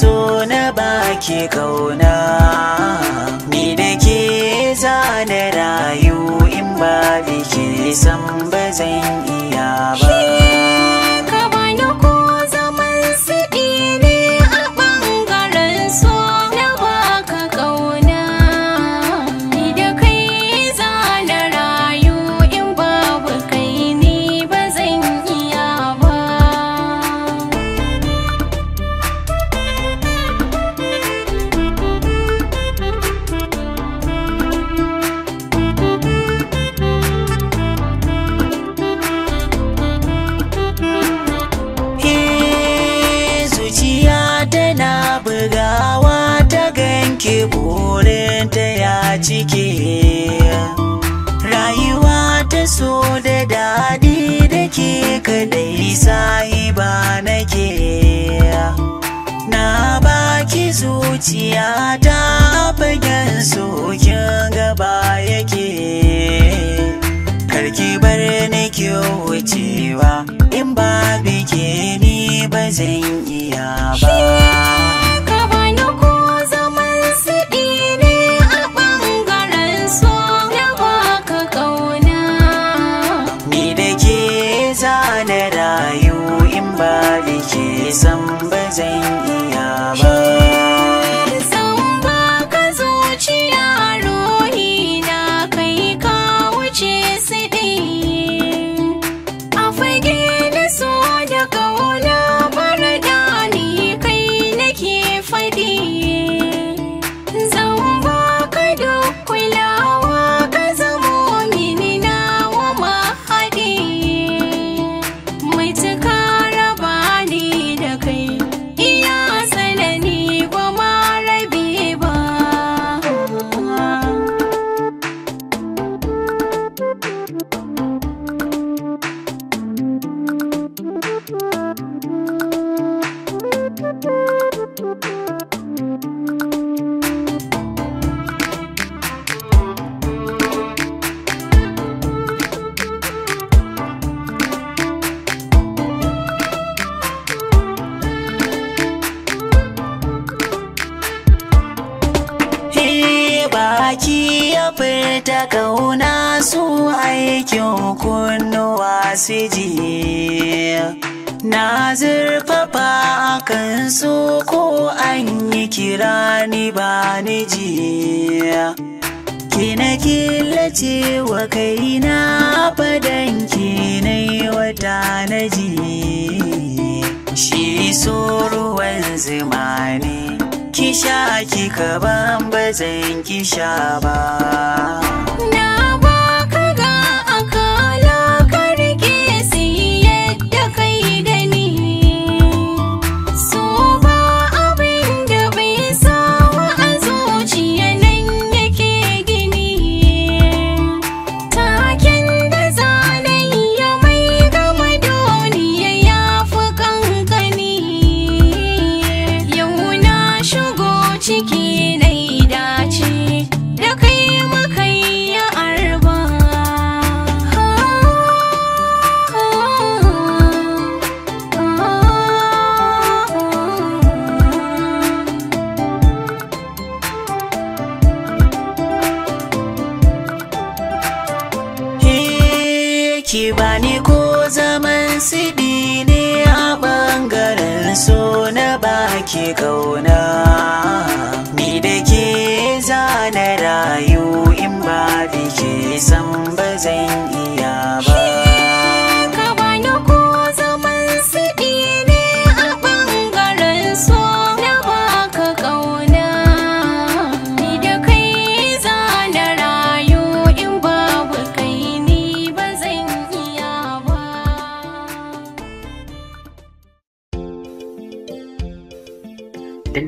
so na baki kauna ni da zane rayu in ba biki san ba burin ta ya cike rayuwa ta so da dadi da ke kadai sahiba nake na baki zuciya ta fagen sokin gaba yake karki bar ni wucewa in ba bike ni ba zan iya ba ke san ba zan iya fita kauna su aikin kunnuwa su ji na zurfafa a kan su ko an yi kira ni ba ni ji kina ce wa kaina fadanki na yi wata na jiya. kisha kika ban ba zan kisha ba Ci ba ni ko zaman siɗi ne a ɓangaren so na baki ƙauna.